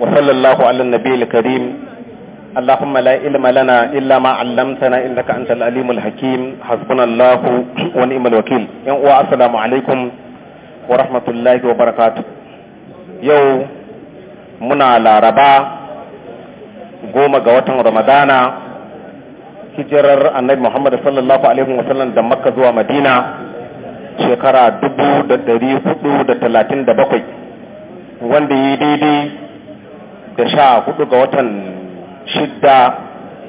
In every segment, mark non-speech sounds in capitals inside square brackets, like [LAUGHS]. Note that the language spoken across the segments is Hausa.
وصلى الله على النبي الكريم اللهم لا علم لنا إلا ما علمتنا إنك أنت العليم الحكيم حسبنا الله ونعم الوكيل والسلام عليكم ورحمة الله وبركاته يو منا لاربا قوم قوة رمضانا hijirar annabi Muhammad sallallahu alaihi wasallam da Makka zuwa Madina shekara 1437 wanda yi daidai da sha hudu ga watan shidda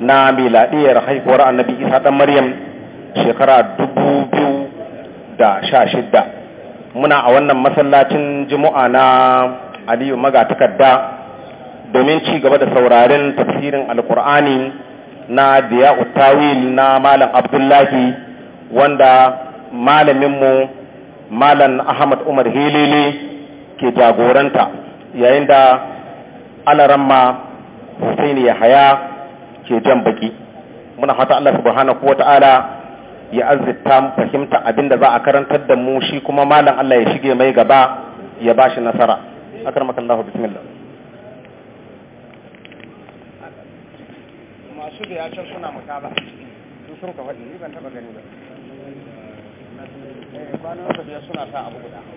na miladiyar haihuwar annabi isa dan maryam shekara dubu biyu da sha shidda muna a wannan masallacin jimu'a na aliyu magatakarda domin ci gaba da saurarin tafsirin alkur'ani na diya utawil na malam abdullahi wanda malaminmu malam ahmad umar helele ke jagoranta yayin da alaramma Hussein haya ke jan baki muna fata Allah subhanahu wata'ala ya azzita fahimta abinda za a karantar da mu shi kuma malam Allah ya shige mai gaba ya bashi nasara Allah bismillah masu da ya can suna mutaba su sun ka faɗi ni ban taba gani ba ne ba da suna sa abu guda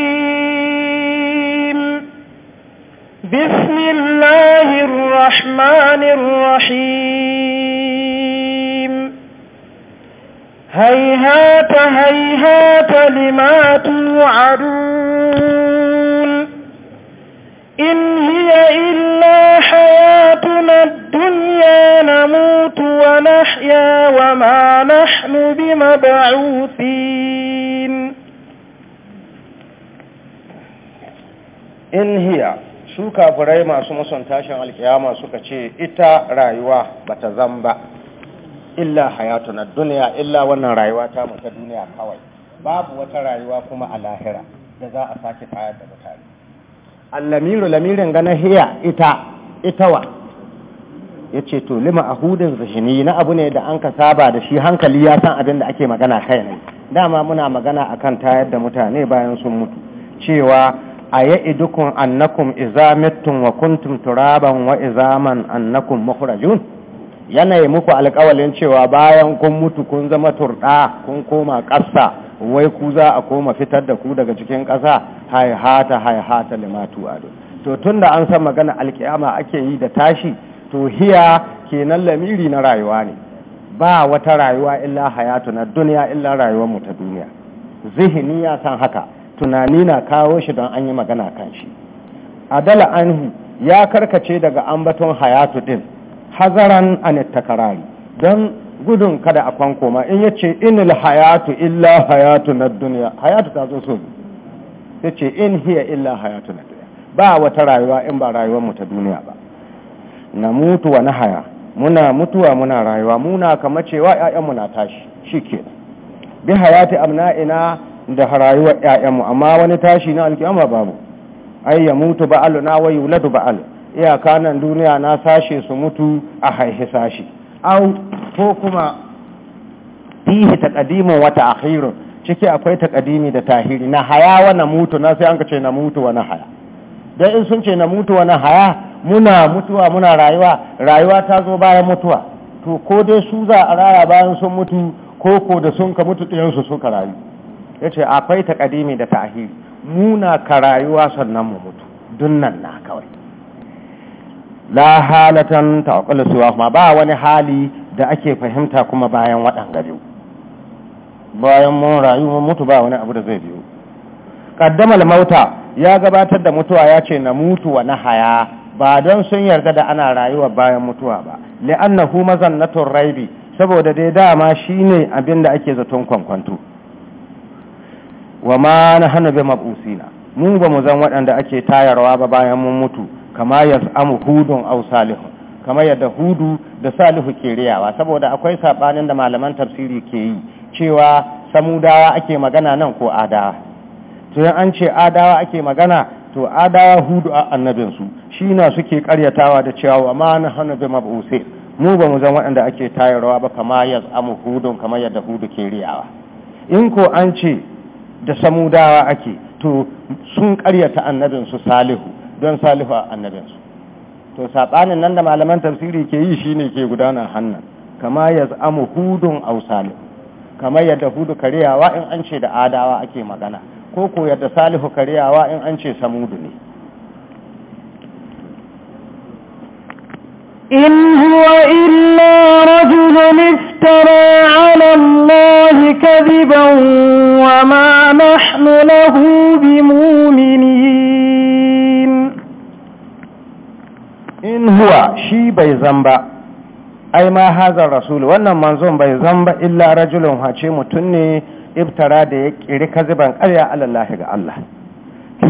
بسم الله الرحمن الرحيم هيهات هيهات لما توعدون إن هي إلا حياتنا الدنيا نموت ونحيا وما نحن بمبعوثين إن هي su kafirai masu musun tashin alkiyama suka ce ita rayuwa bata zamba illa hayatu na duniya illa wannan rayuwa ta mata ta duniya kawai babu wata rayuwa kuma a lahira da za a sake tayar da mutane allamiru lamirin gana hiya ita itawa ya ce to lima a hudun zashini na abu ne da an ka saba da shi hankali ya san abin da ake magana kai ne dama muna magana akan tayar da mutane bayan sun mutu cewa a ya idukun annakun izamittum wa kuntum turaban wa izaman annakum mukhrajun yanayi muku alƙawalin cewa bayan kun mutu kun zama turɗa kun koma ƙasa wai ku za a koma fitar da ku daga cikin ƙasa haihata haihata limatu ado to tun da an san magana alkiyama ake yi da tashi to hiya kenan lamiri na rayuwa ne ba wata rayuwa illa hayatu na duniya illa rayuwar mu ta duniya zihini ya san haka tunani na kawo shi don an yi magana kan shi adala anhu ya karkace daga ambaton hayatu din hazaran an takarari don gudun kada a kwankoma in yace inil hayatu illa hayatu na duniya hayatu ta zo so Ya ce in hiya illa hayatu na duniya ba wata rayuwa in ba rayuwar mu ta duniya ba na mutu wa na haya muna mutuwa muna rayuwa muna kama cewa 'ya'yanmu na tashi shi ke bi hayati amna ina da harayuwar ƴaƴanmu amma wani tashi na alkiyama babu ai ya mutu ba'al na wa yuladu ba'al iyaka nan duniya na sashe su mutu a haihi sashi au ko kuma fihi taqdimun wa ta'khirun ciki akwai taqdimi da tahiri na haya wa na mutu na sai an ka ce na mutu wa haya dan in sun ce na mutu wa haya muna mutuwa muna rayuwa rayuwa ta zo bayan mutuwa to ko dai su za a raya bayan sun mutu ko ko da sun ka mutu ɗayan su suka rayu yace akwai ƙadimi da ta'ahiri muna ka rayuwa sannan mu mutu dunnan na kawai la halatan ta'qalu suwa kuma ba wani hali da ake fahimta kuma bayan waɗanga biyu bayan mun rayu mun mutu ba wani abu da zai biyo qaddama mauta ya gabatar da mutuwa ya ce na mutu wa na haya ba don sun yarda da ana rayuwa bayan mutuwa ba li'annahu mazannatun raibi saboda dai dama shine abin da ake zaton kwankwanto wa ma na hannu bi mabusina mu ba mu zan waɗanda ake tayarwa ba bayan mun mutu kama yas'amu hudun au salihu kama yadda hudu da salihu ke riyawa saboda akwai sabanin da malaman tafsiri ke yi cewa samudawa ake magana nan ko adawa to an ce adawa ake magana to adawa hudu a annabinsu shi na suke karyatawa da cewa wa ma na hannu bi mabuse mu ba mu zan waɗanda ake tayarwa ba kama yas'amu hudun kama yadda hudu ke riyawa in ko an ce da samudawa ake to sun karyata su salihu don salihu a annabinsu to saɓanin nan da malaman tafsiri ke yi shine ke gudanar hannan kama ya zama hudun au salihu kama yadda hudu karyawa in an ce da adawa ake magana ko ko yadda salihu karyawa in an ce samudu ne إن هو إلا رجل افترى على الله كذبا وما نحن له بمؤمنين إن هو شي بيزنبا ai ma hazar rasulu wannan manzon bai zamba illa rajulun hace mutum ne iftara da ya kiri kaziban ƙarya الله ga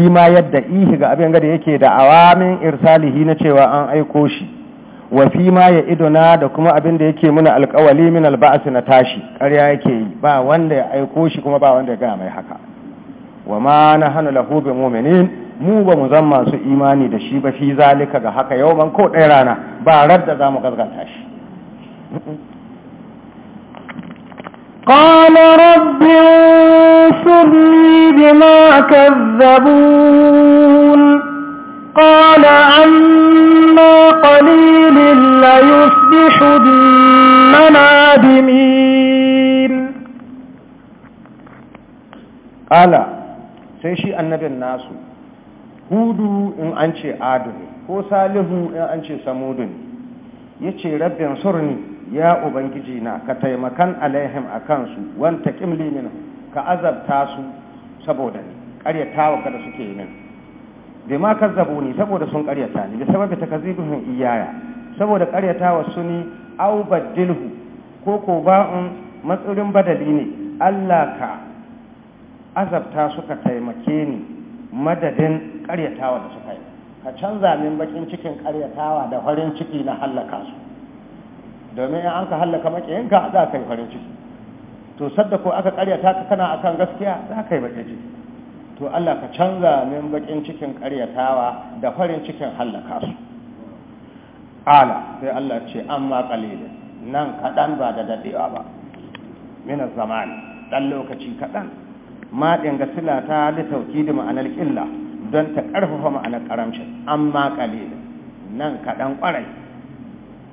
shi ma yadda ihi ga abin gada yake da awamin irsalihi na cewa an aiko shi wa fi ma ya idona da kuma abin da yake muna alkawali min alba'as na tashi ƙarya yake yi ba wanda ya aiko shi kuma ba wanda ya gaya mai haka wa ma na hannu lahu bi mu'minin mu ba mu zan masu imani da shi ba fi zalika ga haka yau ban ko ɗaya rana ba radda za mu gazgata shi قال رب انصرني بما كذبون قال عما قليل ليصبحن نادمين قال sai shi annabin nasu hudu in an ce aduni ko salihu in an ce samudu ne ya ce rabbin surni ya ubangiji na ka taimakan alaihim a kansu wanta kimli min ka azabta su saboda ne ƙaryatawa kada suke yi min bima ne saboda sun karyata ni bi sababi takazzibuhum iyaya saboda karyata wa suni aw badilhu ko ko ba'un matsurin badali ne Allah ka azabta suka taimake ni madadin karyatawa da suka yi ka canza min bakin cikin karyatawa da farin ciki na hallaka su domin in an ka hallaka makiyinka za ka yi farin ciki to sadda ko aka karyata ka kana akan gaskiya za ka yi bakin ciki to Allah ka canza min bakin cikin karyatawa da farin cikin hallaka su ala sai Allah ce amma qalilin nan kaɗan ba da daɗewa ba min zamani dan lokaci kaɗan ma ga silata ta litauki da ma'anar ƙilla don ta ƙarfafa ma'anar ƙaramcin amma ƙalilin nan kaɗan kwarai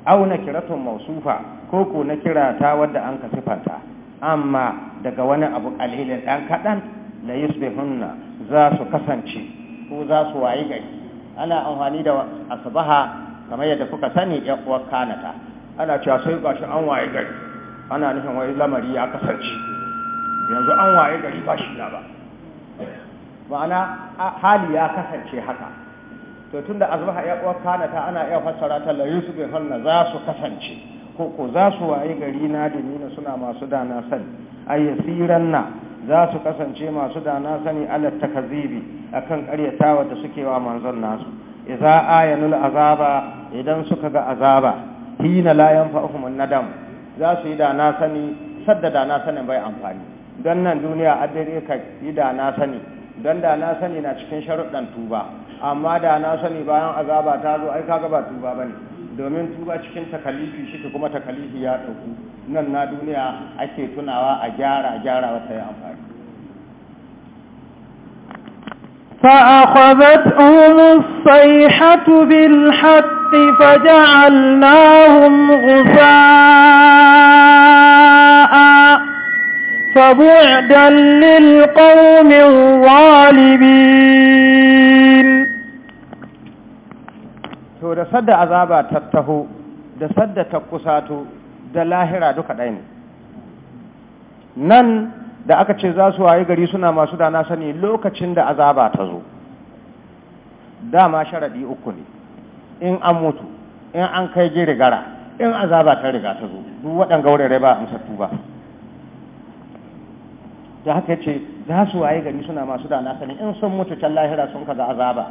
au na kiratun mausufa ko ko na kirata wadda an ka sifanta amma daga wani abu ƙalilin dan kaɗan la yusbihunna za su kasance ko za su wayi gari ana amfani da asbaha kamar yadda kuka sani ya kuwa kanata ana cewa sai ba shi an waye gari ana nufin wai lamari ya kasance yanzu an waye gari ba shi na ba ma'ana hali ya kasance haka to tunda asbaha ya kuwa kanata ana iya fassara ta la yusbihunna za su kasance ko ko za su waye gari na dinina suna masu dana sani ayyasiranna za su kasance masu da na sani ala takazibi akan karyatawa da suke wa manzon nasu idza ayanul azaba idan suka ga azaba hina la yanfa'uhum nadam za su yi da na sani sadda da na sani bai amfani dan nan duniya addare ka yi da na sani dan da na sani na cikin sharuɗan tuba amma da na sani bayan azaba ta zo ai kaga ba tuba bane domin tuba cikin takalifi shi kuma takalifi ya ɗauku nan na duniya ake tunawa a gyara gyara wata ya amfani فأخذتهم الصيحة بالحق فجعلناهم غفاء فبعدا للقوم الظالمين to da sadda azaba ta taho da sadda ta kusato da lahira duka ɗaya ne nan da aka ce za su waye gari suna masu da na sani lokacin da azaba ta zo dama sharaɗi uku ne in an mutu in an kai je rigara in azaba ta riga ta zo duk waɗanga wurare ba amsa ba da haka ce za su waye gari suna masu da na sani in sun mutu can lahira sun kaza azaba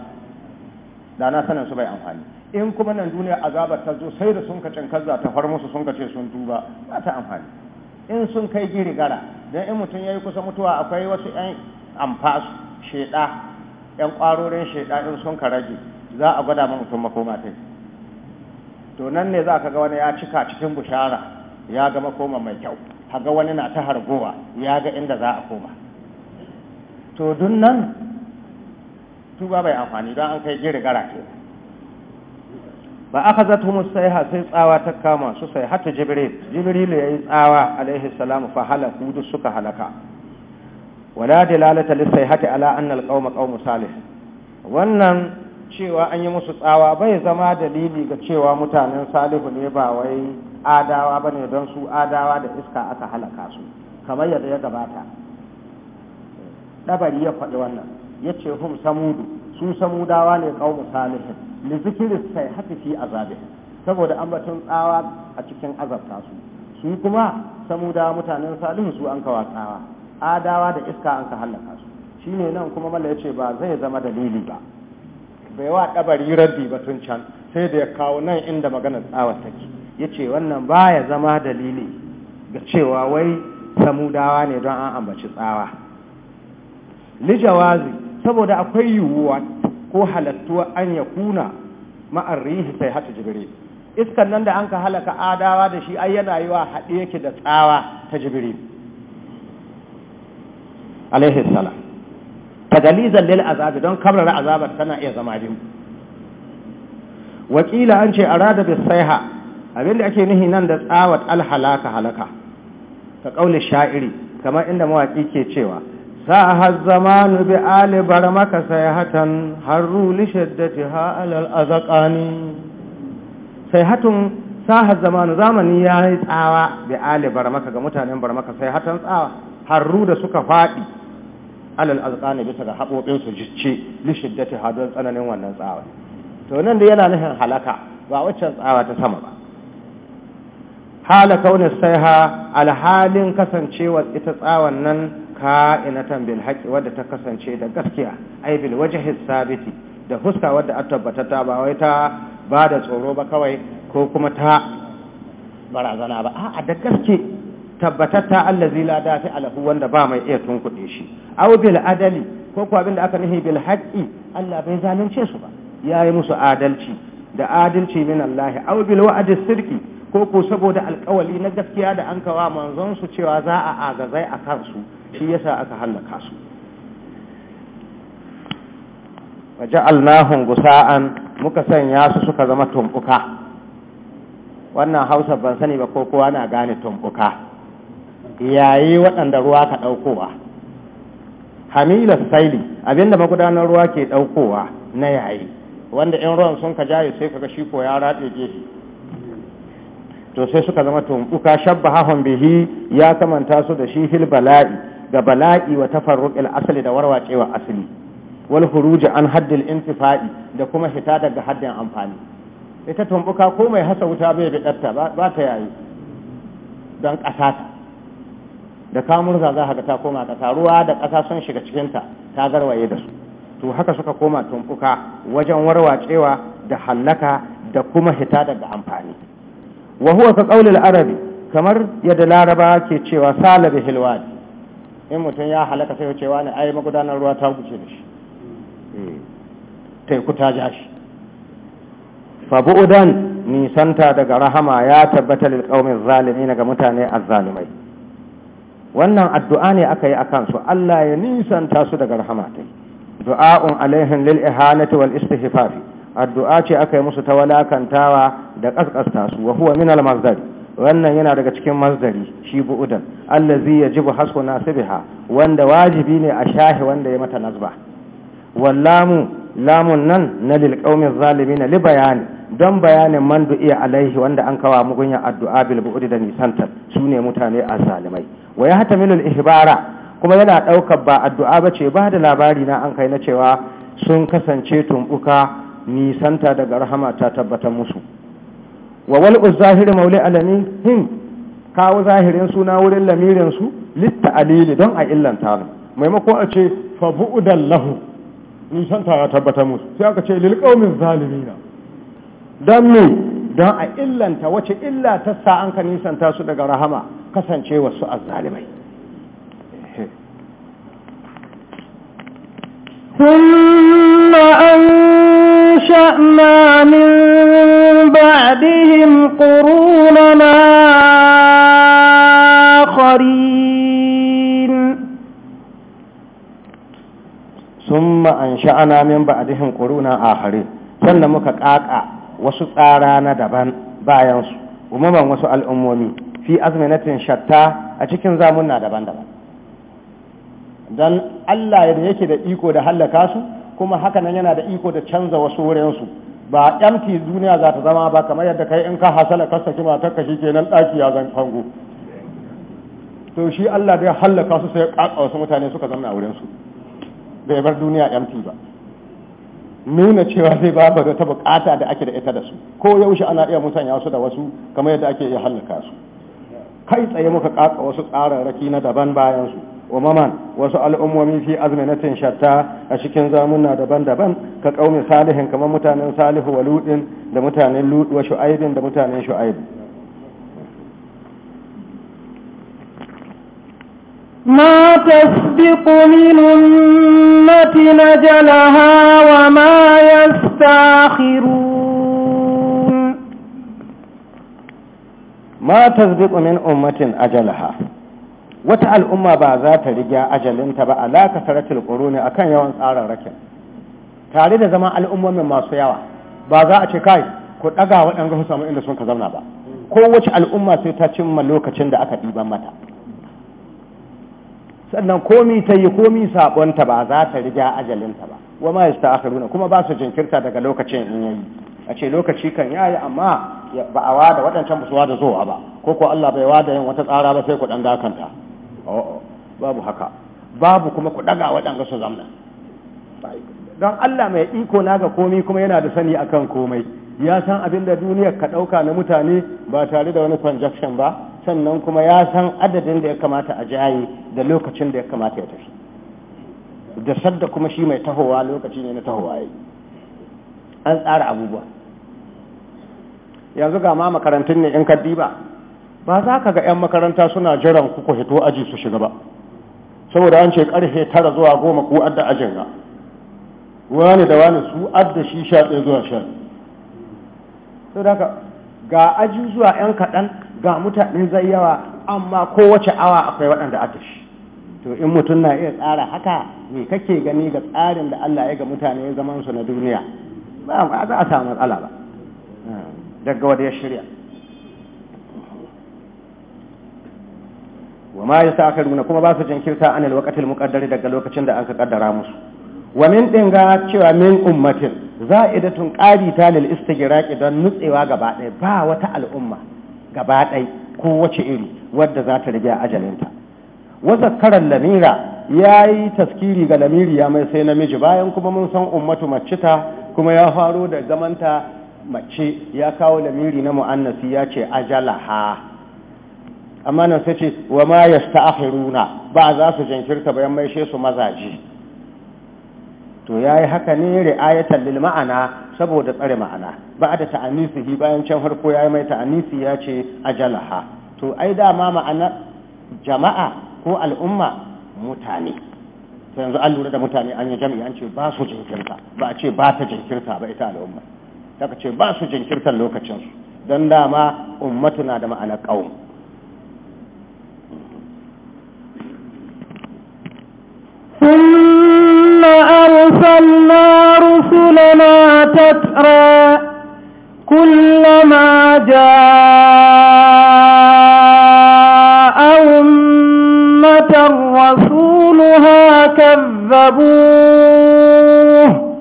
da na sanin su bai amfani in kuma nan duniya azabar ta zo sai da sun ka kaza ta far musu sun ka ce sun duba, ba ta amfani in sun kai giri gara don in mutum ya yi kusa mutuwa akwai wasu 'yan amfasu sheda 'yan kwarorin sheda in sun ka rage za a gwada mun mutum makoma ta to nan ne za ka ga wani ya cika cikin bushara ya ga makoma mai kyau haga wani na ta hargowa ya ga inda za a koma to dun nan tuba bai amfani don an kai giri gara kenan ba aka zata musu saiha sai tsawa ta kama su sai hata jibril jibril ya yi tsawa alaihi salamu fa halaku duk suka halaka wala dalalata lisai hata ala annal qauma qaumu salih wannan cewa an yi musu tsawa bai zama dalili ga cewa mutanen salihu ne ba wai adawa bane don su adawa da iska aka halaka su kamar yadda ya gabata dabari ya faɗi wannan yace hum samudu su samudawa ne qaumu salihin li zikirin sai haka fi azabi saboda ambaton tsawa a cikin azabta su su kuma samuda mutanen salihu su an kawa tsawa adawa da iska an ka halaka su shine nan kuma mala yace ba zai zama dalili ba bai wa kabari rabbi ba tun can sai da ya kawo nan inda maganar tsawa take yace wannan baya zama dalili ga cewa wai samudawa ne don an ambaci tsawa lijawazi saboda akwai yiwuwa ko halattuwa an ya kuna ma'ar rihi sai hatu jibril iskan nan da an ka halaka adawa da shi ai yana yi wa haɗe yake da tsawa ta jibril alaihi salam tagaliza lil azabi don kamrar azabar tana iya zama din wakila an ce arada bis saiha abinda ake nihi nan da tsawat al halaka halaka ka kauli sha'iri kamar inda mawaki ke cewa ta zamanu bi ali bi ali bar maka ga mutanen bar maka sayhatan tsawa har da suka faɗi alal azqani bisa ga habobin su jicce li don tsananin wannan tsawa to nan da yana nufin halaka ba waccan tsawa ta sama ba hala kaunar sayha alhalin kasancewa ita tsawan nan ka'inatan bil haqqi wadda ta kasance da gaskiya ay bil wajhi sabiti da fuska wadda a ta ba wai ta ba da tsoro ba kawai ko kuma ta barazana ba a'a da gaske Allah allazi la dafi alahu wanda ba mai iya tunkuɗe shi aw bil adali ko ko abin da aka nufi bil haqqi Allah bai zalunce su ba yayi musu adalci da adalci min Allah aw bil wa'di sirki ko ko saboda alƙawali na gaskiya da an kawa manzon su cewa za a agazai a kansu shi yasa aka hallaka su waja'alnahum gusa'an muka sanya su suka zama tumbuka wannan Hausa ban sani ba ko kowa na gane tumbuka yayi waɗanda ruwa ka ɗaukowa hamila saili abinda magudanar ruwa ke ɗaukowa na yayi wanda yan ruwan sun ka jaye sai kaga shi ko ya ratse gefe to sai suka zama tumbuka shabba hahun bihi ya kamanta su da shi hilbala'i bala'i ga bala'i wa tafarruqil asali da warwacewa asali wal huruj an haddil intifa'i da kuma hita daga haddin amfani ita tumbuka ko mai hasa wuta bai datta ba ta yayi don kasa ta da kamurza za ga ta koma kasa ruwa da ƙasa sun shiga cikin ta ta garwaye da su to haka suka koma tumbuka wajen warwacewa da hallaka da kuma hita daga amfani wa huwa ka qaulil arabi kamar yadda laraba ke cewa salabi hilwadi in mutum ya halaka sai cewa ne ai magudanar ruwa ta guce da shi hmm. teku ta ja shi fabu'udan nisanta daga rahama ya tabbata lil qaumin zalimi ga mutane azzalimai wannan addu'a ne aka yi akan su Allah ya nisanta su daga rahama ta du'a'un alaihim lil ihanati wal istihfafi addu'a ce aka yi musu ta walakantawa da kaskasta su wa huwa min al mazdari wannan yana daga cikin mazdari shi bu'udan allazi yajibu hasu nasibiha wanda wajibi ne a shahi wanda ya mata nasba wallamu lamun nan na lil qaumiz zalimin li bayani don bayanin man iya alaihi wanda an kawa mugunya addu'a bil bu'udi da nisantar sune mutane azalimai wa yahtamilu al ihbara kuma yana daukar ba addu'a bace ba da labari na an kai na cewa sun kasance tumbuka nisanta daga rahama ta tabbatar musu wa wal zahiri maulai alamin him kawo zahirin suna wurin lamirin su litta alili don a illanta maimakon a ce fa bu'udan lahu nisan ta tabbata musu sai aka ce lil qaumin zalimina dan me don a illanta wace illa ta sa an ka nisanta su daga rahama kasancewa su azzalimai ثم أن أنشأنا من بعدهم قروننا آخرين ثم أنشأنا من بعدهم قرونا آخرين sannan muka ƙaƙa wasu tsara na daban bayansu umuman wasu al'ummomi fi azminatin shatta a cikin zamunna daban-daban don Allah yadda yake da iko da hallaka su kuma haka nan yana da iko da canza wasu wurinsu ba empty duniya za ta zama ba kamar yadda kai in ka hasala ka saki matar ka nan daki ya zan kango to shi Allah bai halaka su sai ƙaƙa wasu mutane suka zama a wurinsu bai bar duniya empty ba nuna cewa zai ba ba ta bukata da ake da ita da su ko yaushe ana iya musanya su da wasu kamar yadda ake iya halaka su kai tsaye muka kaka wasu tsararraki na daban bayan su wa maman wasu al'ummomi fi azminatin shatta a cikin zamuna daban-daban ka kaumi salihin kamar mutanen salihu wa ludin da mutanen lud wa shu'aibin da mutanen shu'aib ما تسبق من أمة نجلها وما يستاخرون ما تسبق من أمة أجلها wata al'umma ba za ta riga ajalinta ba alaka saratul quruni akan yawan tsarin rakin tare da zama al'ummomin masu yawa ba za a ce kai ku daga waɗanda su samu inda sun ka zauna ba Ko wace al'umma sai ta cimma lokacin da aka ɗiban mata sannan komi ta yi komi sabonta ba za ta riga ajalinta ba wa ma yasta'khiruna kuma ba su jinkirta daga lokacin in yayi a ce lokaci kan yayi amma ba a wada waɗancan musuwa da zowa zuwa ba ko ko Allah bai wada yin wata tsara ba sai ku dan dakanta Oh, babu haka babu kuma ku daga waɗanda su zamna don Allah mai iko na ga komai kuma yana da sani akan komai ya san abin da duniyar ka ɗauka na mutane ba tare da wani conjunction ba sannan kuma ya san adadin da ya kamata a jaye da lokacin da ya kamata ya tafi da sadda kuma shi mai tahowa lokaci ne na tahowa yi an tsara abubuwa yanzu ga ma makarantun ne in ka diba ba za ka ga 'yan makaranta suna jiran kuku hito aji su shiga ba saboda an ce karfe tara zuwa goma ko adda ajin ga wani da wani su adda shi sha ɗaya zuwa sha saboda da ga aji zuwa 'yan kaɗan ga mutane zai yawa amma kowace awa akwai waɗanda adda shi to in mutum na iya tsara haka me kake gani ga tsarin da Allah ya ga mutane ya zaman su na duniya ba za a samu matsala ba daga wanda ya shirya wa ma runa, kuma ba su jinkirta anil waqtil muqaddari daga lokacin da aka kaddara musu wa min dinga cewa min ummatin za'idatun qarita lil istigraqi don nutsewa gaba ɗaya ba wata al'umma gaba ɗaya ko wace iri wadda za ta rage ajalinta wa zakkaran lamira yayi taskiri ga lamiri ya mai sai namiji bayan kuma mun san ummatu macita kuma ya faro da zamanta mace ya kawo lamiri na mu'annasi ya ce ajalaha amma nan sai ce wa ma yasta'khiruna ba za su jinkirta bayan mai su mazaji to yayi haka ne ri'ayatan lil ma'ana saboda tsare ma'ana ba da ta'anisihi bayan can harko yayi mai ta'anisi ya ce ajalaha to ai da ma ma'ana jama'a ko al'umma mutane to yanzu an lura da mutane an yi jami'i an ce ba su jinkirta ba a ce ba ta jinkirta ba ita al'umma ta ce ba su jinkirtar lokacinsu don dama ummatu na da ma'ana ƙaun ثم أرسلنا رسلنا تترى كلما جاء أمة رسولها كذبوه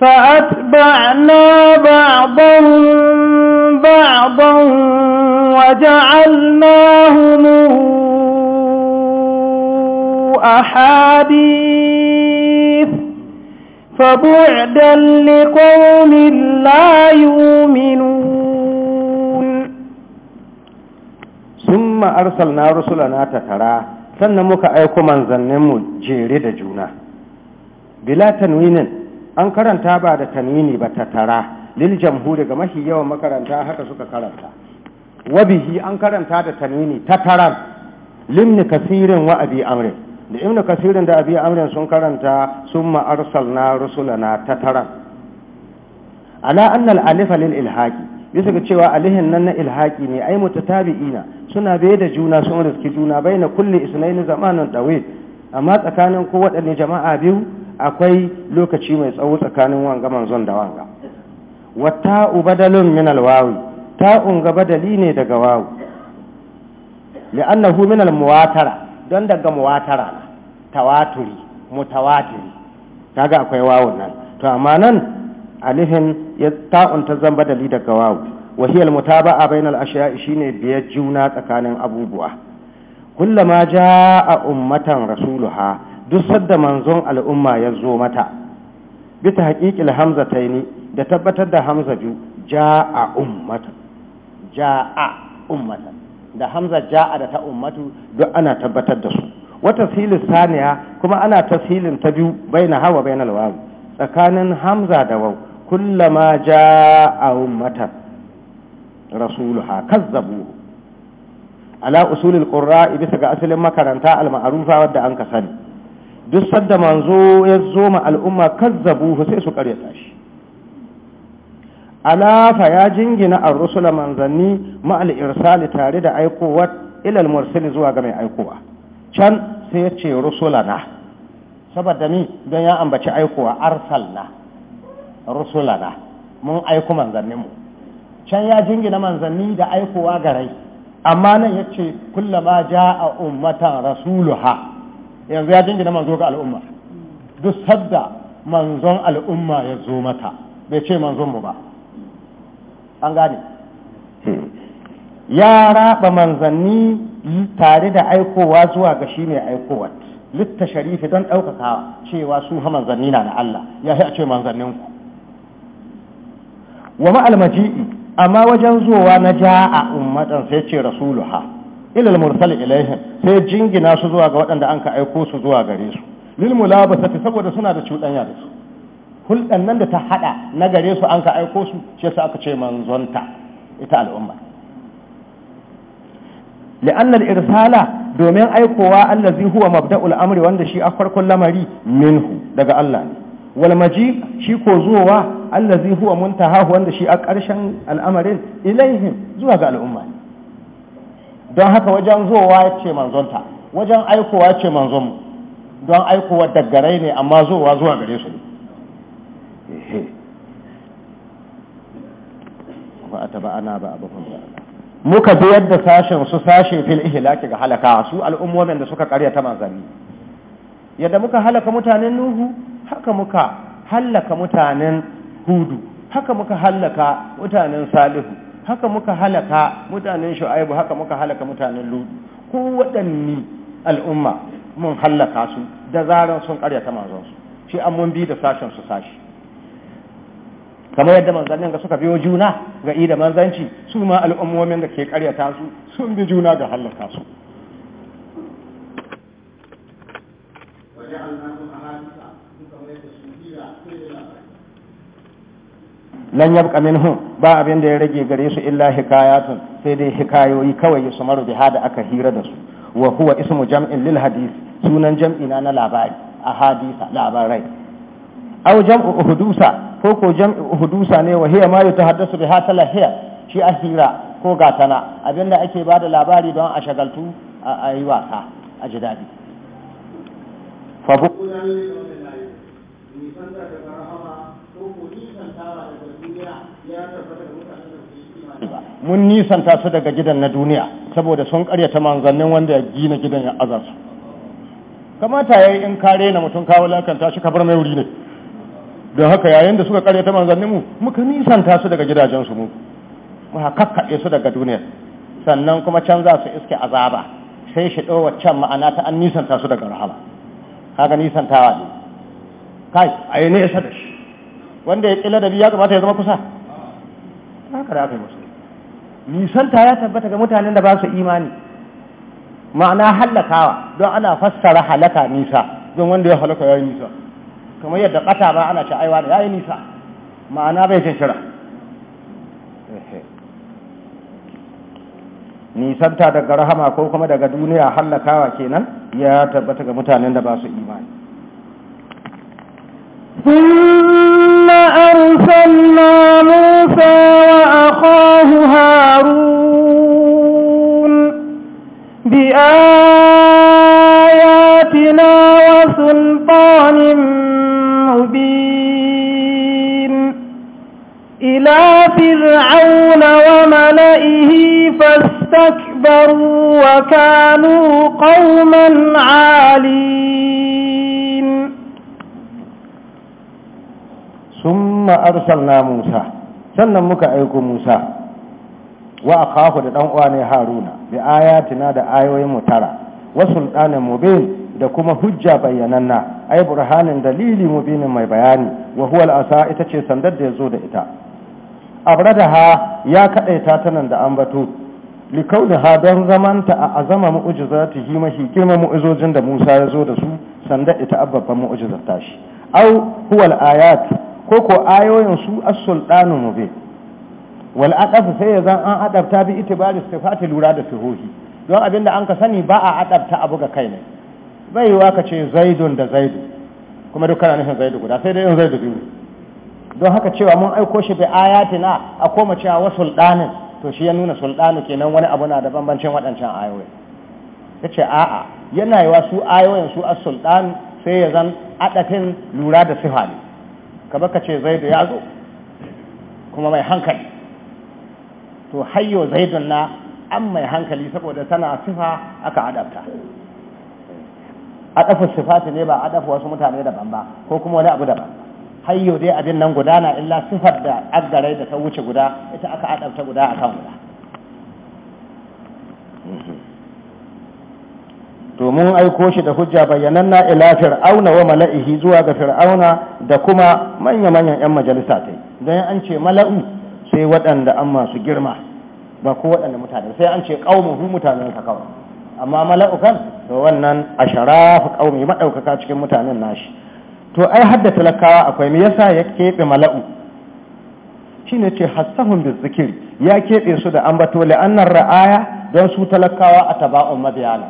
فأتبعنا بعضهم بعضا وجعلناهم أحاديث فبعدا لقوم لا يؤمنون ثم أرسلنا رسلنا تترى sannan muka aiko manzanninmu jere da juna bila tanwinin an karanta ba da tanwini ba ta tara lil jamhuri ga mafi yawan makaranta haka suka karanta wabihi an karanta da tanwini ta limni kasirin wa abi amrin da imna kasirin da abi amrin sun karanta na rusula na ta tara ala annal alifa lil ilhaki, bisa ga cewa alihin nan na ilhaki ne ai tabi'ina suna bai da juna sun riski juna bai na kulli isnaini zamanin ɗawai. amma tsakanin ko waɗanne jama'a biyu akwai lokaci mai tsawo tsakanin wanga manzon da wanga wata ubadalun min alwawi ta unga badali ne daga wawu li'annahu min almuwatara don daga muwatara na tawaturi mutawatiri kaga akwai wawun nan to amma nan alifin ya ta'un ta zamba dali daga wawu wahiyal mutaba'a bainal ashiya'i shine biyar juna tsakanin abubuwa ma kullama a ummatan rasuluha duk sadda manzon al'umma ya zo mata bita haƙiƙil hamza ta ni, da tabbatar da hamza biyu a ummatan a ummatan da hamza ja'a da ta ummatu duk ana tabbatar da su wata silin saniya kuma ana tasilin ta biyu baina hawa baina alwawu tsakanin hamza da wau kullama ja'a ummatan rasuluha kazzabu ala usulil qurra bisa ga asalin makaranta al-ma'rufa wadda an ka sani duk sadda manzo ya zo ma al'umma kazzabu sai su karyata shi alafa ya jingina a rusula manzanni ma'al irsali tare da aikowar ilal mursali zuwa ga mai aikowa can sai ya ce rusulana saboda ni don ya ambaci aikowa arsalna rusulana mun aiku manzanninmu can ya jingina manzanni da aikowa garai amma nan ya ce kullama ja a ummatan rasuluha yanzu ya jingina manzo ga al'umma duk sadda manzon al'umma ya zo mata bai ce manzon mu ba an gane hmm. ya raba manzanni tare da aikowa zuwa ga shi mai aikowa litta sharifi don ɗaukaka cewa su ha manzanni na na Allah ya a ce manzannin ku. wa ma'almaji amma wajen zuwa na ja'a ummatan sai ce rasuluha ilal mursal ilaihim sai jingina su zuwa ga waɗanda an ka aiko su zuwa gare su lil mulabasa saboda suna da cuɗanya da su hulɗan nan da ta haɗa na gare su an ka aiko su shi yasa aka ce manzonta ita al'umma li'anna al-irsala domin aikowa allazi huwa mabda'ul amri wanda shi a farkon lamari minhu daga Allah wal maji shi ko zuwa allazi huwa muntahahu wanda shi a ƙarshen al'amarin ilaihim zuwa ga al'umma ne. don haka wajen zuwa ya ce manzonta wajen aikowa ya ce manzon don aikowa daggarai ne amma zuwa zuwa gare su ne muka bi yadda sashen su sashe fil ihlaki ga halaka su al'ummomin da suka karya ta manzanni yadda muka halaka mutanen nuhu haka muka halaka mutanen hudu haka muka halaka mutanen salihu haka muka halaka mutanen shu'aibu haka muka halaka mutanen ludu ko waɗanni al'umma mun halaka su da zaran sun karya ta manzansu shi an mun bi da sashen su sashe. kamar yadda manzannin da suka biyo juna ga ida manzanci su ma al'ummomin da ke karyata su sun bi juna ga hallaka su lan yabqa minhum ba abin da ya rage gare su illa hikayatun sai dai hikayoyi kawai ya maru biha da aka hira da su wa huwa ismu jam'in lil hadith sunan jam'ina na labari ahadisa labarai aw jam'u uhdusa ko ko jam'u uhdusa ne wa hiya ma yatahaddasu biha talahiya shi ahira ko gatana abinda ake bada labari don a shagaltu a yi wasa a ji daɗi mun nisanta su daga gidan na duniya saboda sun karyata manzannin wanda ya gina gidan ya azarsu kamata ya yi in kare na mutum kawo lakanta shi kabar mai wuri ne don haka yayin da suka ta karyata mu muka nisanta su daga gidajensu mu muka kakkaɓe su daga duniya sannan kuma can za su iske azaba sai shi ɗo can ma'ana ta an nisanta su daga rahama kaga nisantawa ne kai a yi nesa da shi wanda ya ƙila da biyu ya kamata ya zama kusa haka da aka yi musu nisanta ya tabbata ga mutanen da ba su imani ma'ana hallakawa don ana fassara halaka nisa don wanda ya halaka ya yi nisa kamar yadda ƙata ba ana ce aiwa da yi nisa ma'ana bai jin shira nisanta daga rahama ko kuma daga duniya hallakawa kenan ya tabbata ga mutanen da ba su imani ثم أرسلنا موسى وأخاه هارون بآياتنا وسلطان إلى فرعون وملئه فاستكبروا وكانوا قوما عالين ثم أرسلنا موسى سنة مكأيك موسى وأخاه لدنقواني هارون بآياتنا دا آيوي مترى وسلطان مبين da kuma hujja bayyananna ai burhanin dalili mubinin mai bayani wa huwa al-asa ita ce sandar da yazo da ita abradaha ya kadaita ta nan da ambato dan don zamanta a azama hima shi girma mu'ujizojin da Musa ya zo da su sanda ita ababban ta tashi au huwal ayat ko ko ayoyin su as-sultanu mubin wal aqaf sai yazan an adabta bi itibari sifati lura da sihohi don abinda an ka sani ba a adabta abu ga kai ne bai yiwa ka ce zaidun da zaidu kuma duk kana zaidu guda sai dai in zaidu biyu don haka cewa mun aiko shi bi ayatina a koma cewa wa sultanin to shi ya nuna sultanu kenan wani abu na da bambancin waɗancan ayoyi ce a'a yana yiwa su ayoyin su a sultan sai ya zan adafin lura da sifa ne ka ka ce zaidu ya zo kuma mai hankali to hayyo zaidun na an mai hankali saboda tana sifa aka adabta. adafu sifati ne ba adafu wasu mutane daban ba ko kuma wani abu daban har yau dai abin nan gudana illa sifar da agarai da ta wuce guda ita aka adabta guda a kan guda domin aiko shi da hujja na ila fir'auna wa mala'ihi zuwa ga fir'auna da kuma manya-manyan 'yan majalisa ta don an ce mala'u sai waɗanda an masu girma ba ko waɗanda mutane sai an ce hu mutanen ka kawai amma mala'u kan to wannan a sharafu ƙaumi maɗaukaka cikin mutanen nashi to ai hadda talakawa akwai me yasa ya kebe mala'u shine ce hassahun bi zikiri ya kebe su da ambato annar ra'aya don su talakawa a taba'un mabiyana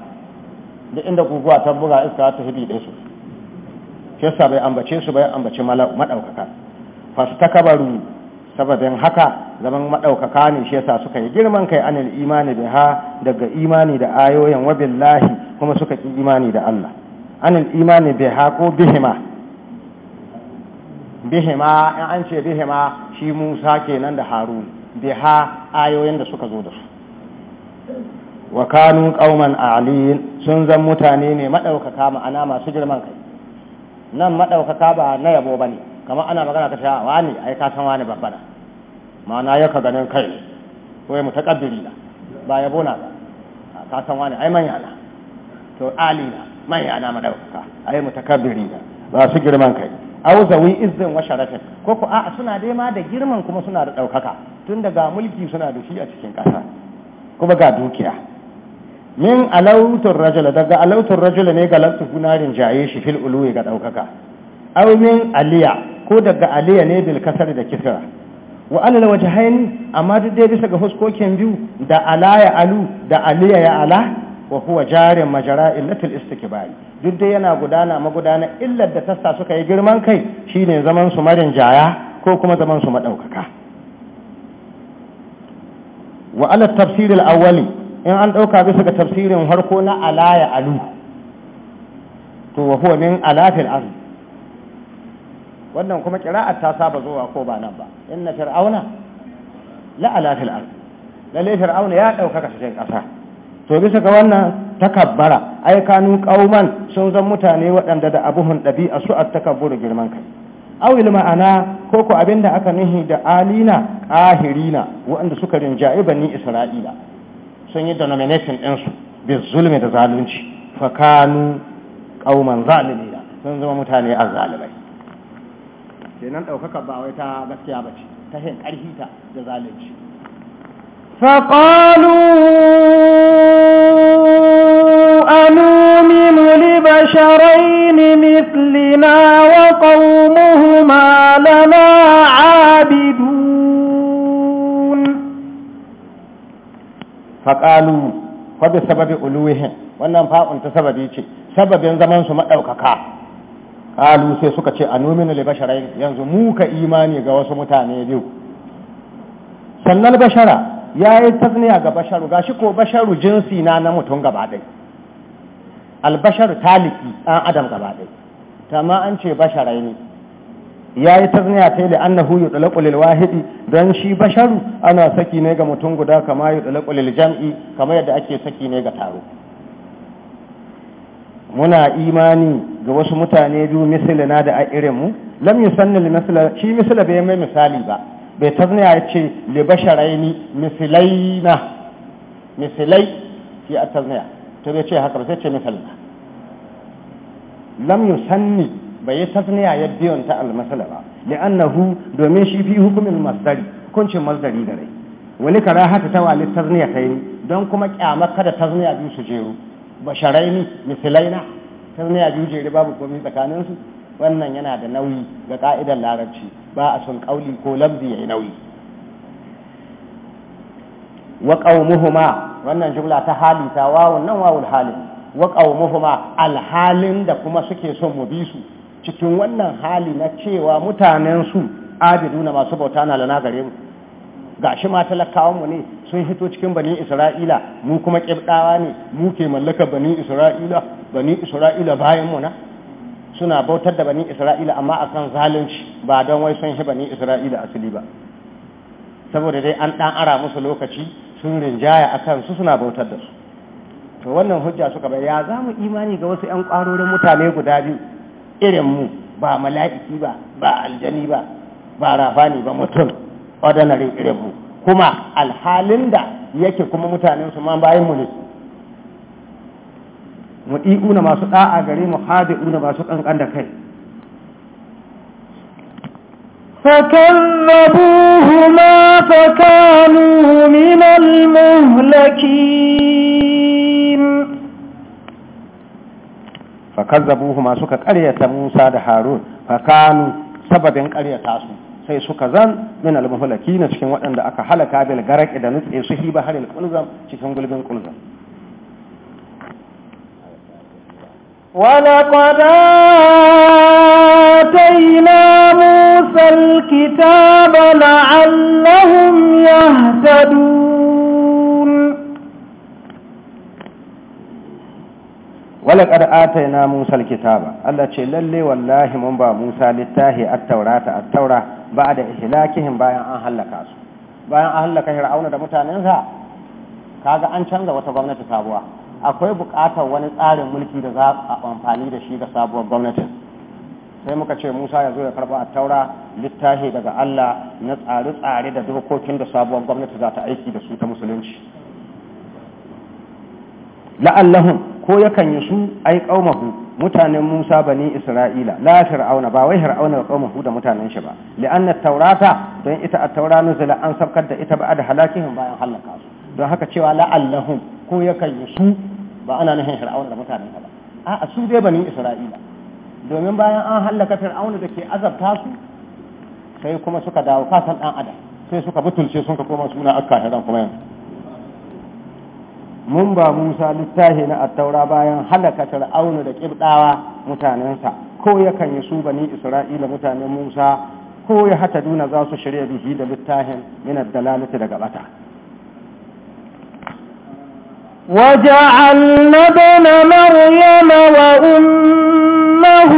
da inda guguwa ta buga iska ta hudu da su yasa bai ambace su bai ambace mala'u madaukaka kabaru sababin haka zaman maɗaukaka ne shi yasa suka yi girman kai anil imani biha daga imani da ayoyin wabillahi kuma suka ki imani da Allah anil imani biha ko bihima bihima in an ce bihima shi musa kenan da harun biha ayoyin da suka zo da su wa kanu qauman aliyin sun zan mutane ne madaukaka ma'ana masu girman kai nan madaukaka ba na yabo bane kamar ana magana ta sha ah, wani ai ka san wani babbana ma'ana yaka ganin kai ne ko mu takadduri da ba yabo na ba ka san wani ai manya na to ali na manya na madaukaka ai mu takadduri da ba su girman kai auzawi izzin wa sharafin ko ku a'a suna dai ma da girman kuma suna da ɗaukaka tun daga mulki suna da shi a cikin ƙasa kuma ga dukiya min alautun rajula daga alautun rajula ne ga lantu gunarin jaye shi fil uluwi ga ɗaukaka aw min aliya ko daga aliya ne bil kasar da kisra wa alal wajhain amma duk dai bisa ga huskokin biyu da alaya alu da aliya ya ala wa huwa jarin majara illatul istikbari duk dai yana gudana magudana illar da tassa suka yi girman kai shine zaman su marin jaya ko kuma zaman su madaukaka wa ala tafsir al-awwali in an dauka bisa ga tafsirin harko na alaya alu to wa huwa min alafil ard wannan kuma qira'at ta saba zuwa ko ba nan ba inna fir'auna la alafil ard lalle fir'auna ya dauka cikin kasa to bisa ga wannan takabbara ai kanu kauman sun zan mutane waɗanda da abuhun ɗabi'a su su'ar takabburu girman kai awil ma'ana ko ko abinda aka nuhi da alina ahirina waɗanda suka rinjaye bani isra'ila sun yi denomination din su bi zulmi da zalunci fa kanu kauman zalimina sun zama mutane azzalimai kenan ɗaukaka ba wai ta gaskiya ba ce ta hin ƙarfi ta da zalunci فقالوا أنؤمن لبشرين مثلنا وقومهما لنا عابدون فقالوا فبسبب ألوهم wannan fa'un ta sababi ce sababin zaman su maɗaukaka kalu sai suka ce anuminu li basharai yanzu mu ka imani ga wasu mutane biyu sannan bashara yayi yi tasniya ga basharu gashi ko basharu jinsi na na mutum gaba dai albashar taliki an adam gaba ɗaya ma an ce basharai ne ya yi tazniya ta yi annahu yi ɗalaƙulil wahidi don shi basharu ana saki ne ga mutum guda kama yi ɗalakulil jam'i kama yadda ake saki ne ga taro muna imani ga wasu mutane biyu misali na da a irin mu lam yi sannin misali shi misali bai mai misali ba bai tazniya ya ce li basharai ni misilai na misilai ki a tazniya ta bai ce haka ba sai ce misalna lam yusanni bai yi tasniya ya biyon ta almasala ba Hu domin shi fi hukumin masdari ce masdari da rai wani haka ta wali tasniya ta yi don kuma kyama kada tasniya biyu su jeru ba Sharaini, misilaina tasniya biyu jeru babu komi tsakaninsu wannan yana da nauyi ga ka'idar larabci ba a son kauli ko ya yi nauyi wa qaumuhuma wannan jumla ta halita wawun nan wawul halin wa qaumuhuma alhalin da kuma suke son mu bi su cikin wannan hali na cewa mutanen su na masu bauta na lana gare mu gashi ma talakawan mu ne sun hito cikin bani isra'ila mu kuma kibdawa ne mu ke mallaka bani isra'ila bani isra'ila bayan mu na suna bautar da bani isra'ila amma akan zalunci ba don wai sun hi bani isra'ila asali ba saboda dai an dan ara musu lokaci sun rinjaya a kansu suna bautar da su to wannan hujja suka bai ya za mu imani ga wasu 'yan kwarorin mutane guda biyu irin mu ba mala'iki ba ba aljani ba ba rafani ba mutum ordinary irin mu kuma alhalin da yake kuma mutane su ma bayan mu ne mu masu ɗa'a gare mu una masu kankan da kai فكذبوهما فكانوا من المهلكين فكذبوهما سكا قرية موسى harun فكانوا سببا قرية su sai suka zan min al na cikin waɗanda aka halaka bil garak da nutse su hiba haril qulzam cikin gulbin qulzam ولقد آتينا موسى الكتاب لعلهم يهتدون ولقد آتينا موسى الكتاب الله ce lalle wallahi mun ba Musa littahi at-taurata at-taura ba'da ihlakihim bayan an halaka su bayan an halaka Fir'auna da mutanensa kaga an canza wata gwamnati sabuwa akwai buƙatar wani tsarin mulki da za a amfani da shi ga sabuwar gwamnatin sai muka ce musa ya zo ya karɓa a taura littafi daga allah na tsare-tsare da dokokin da sabuwar gwamnati za ta aiki da su ta musulunci la'allahun ko yakan yi su ai ƙaumahu mutanen musa bani isra'ila la fir'auna ba wai fir'auna da ƙaumahu da mutanen shi ba li'anna taurata don ita a taura nuzula an sabkar da ita ba da halakihim bayan halaka su don haka cewa la'allahun ko yakan yi su ba ana nufin fir'auna da mutanen ba a'a su dai banin isra'ila domin bayan an hallaka fir'auna da ke azabta su sai kuma suka dawo kasan dan adam sai suka butulce sun ka koma suna akka hiran kuma yanzu mun ba Musa littafi na attaura bayan halaka fir'auna da kibdawa mutanensa ko yakan yi su bani isra'ila mutanen Musa ko ya hata duna za su shirya bihi da littafin min ad-dalalati daga bata وجعلنا ابن مريم وأمه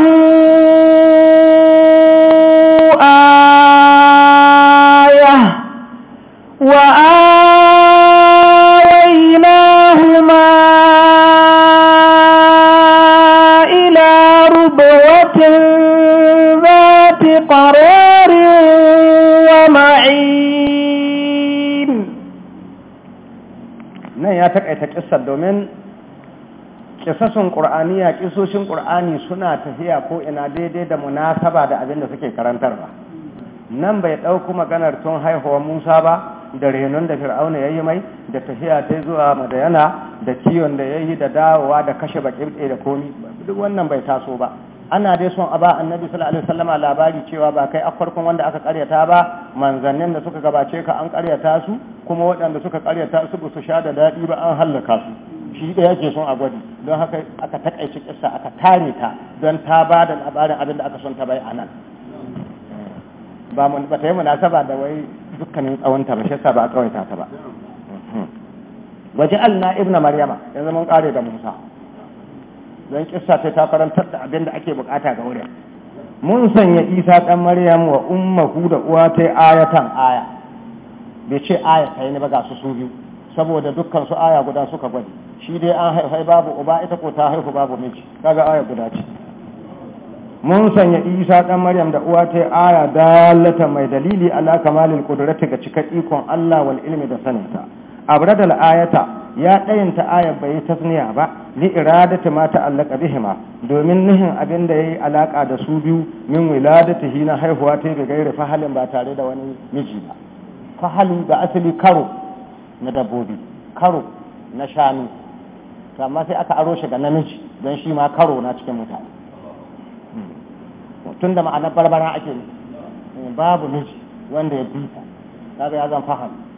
آية وآويناهما إلى ربوة ذات قرار ƙisar domin ƙisasun ƙur'aniya ƙisoshin ƙur'ani suna tafiya ko ina daidai da munasaba da abin da suke ba nan bai ɗauku maganar tun haihuwa musa ba da renon da fir'auna ya yi mai da tafiya ta zuwa madayana da kiyon da ya yi da dawowa da kashe baƙi da komi duk wannan bai taso ba ana dai son a ba annabi sallallahu alaihi wasallama labari cewa ba kai a farkon wanda aka karyata ba manzannin da suka gabace ka an karyata su kuma waɗanda suka karyata su ba su sha da daɗi ba an hallaka su shi da yake son a gwadi don haka aka takaice kissa aka tare ta don ta ba da labarin abin da aka son ta bai anan ba mun ba ta yi munasaba da wai dukkanin tsawon ta ba shi ba a tsawaita ta ba waje alna ibna maryama yanzu mun kare da musa don kissa ta ta karantar da abin da ake bukata ga wurin mun sanya isa dan maryam wa ummahu da uwa ta ayatan aya bai ce aya kai ne ba ga su su biyu saboda dukkan su aya guda suka gwadi shi dai an haifai babu uba ita ko ta haihu babu miji kaga aya guda ce mun sanya isa dan maryam da uwa ta aya dalata mai dalili ala kamalil qudrati ga cikar ikon Allah wal ilmi da saninsa abradal ayata ya ɗayanta ayar bai tasniya ba li iradati ma ta'allaqa bihima domin nihin abin da yayi alaka da su biyu min ta hina haihuwa ta ga gairi fahalin ba tare da wani miji ba fahalu da asali karo na dabbobi karo na shanu amma sai aka aro shi ga namiji don shi ma karo na cikin mutane tun da ma'anar barbara ake babu miji wanda ya bita kaga ya zan fahimta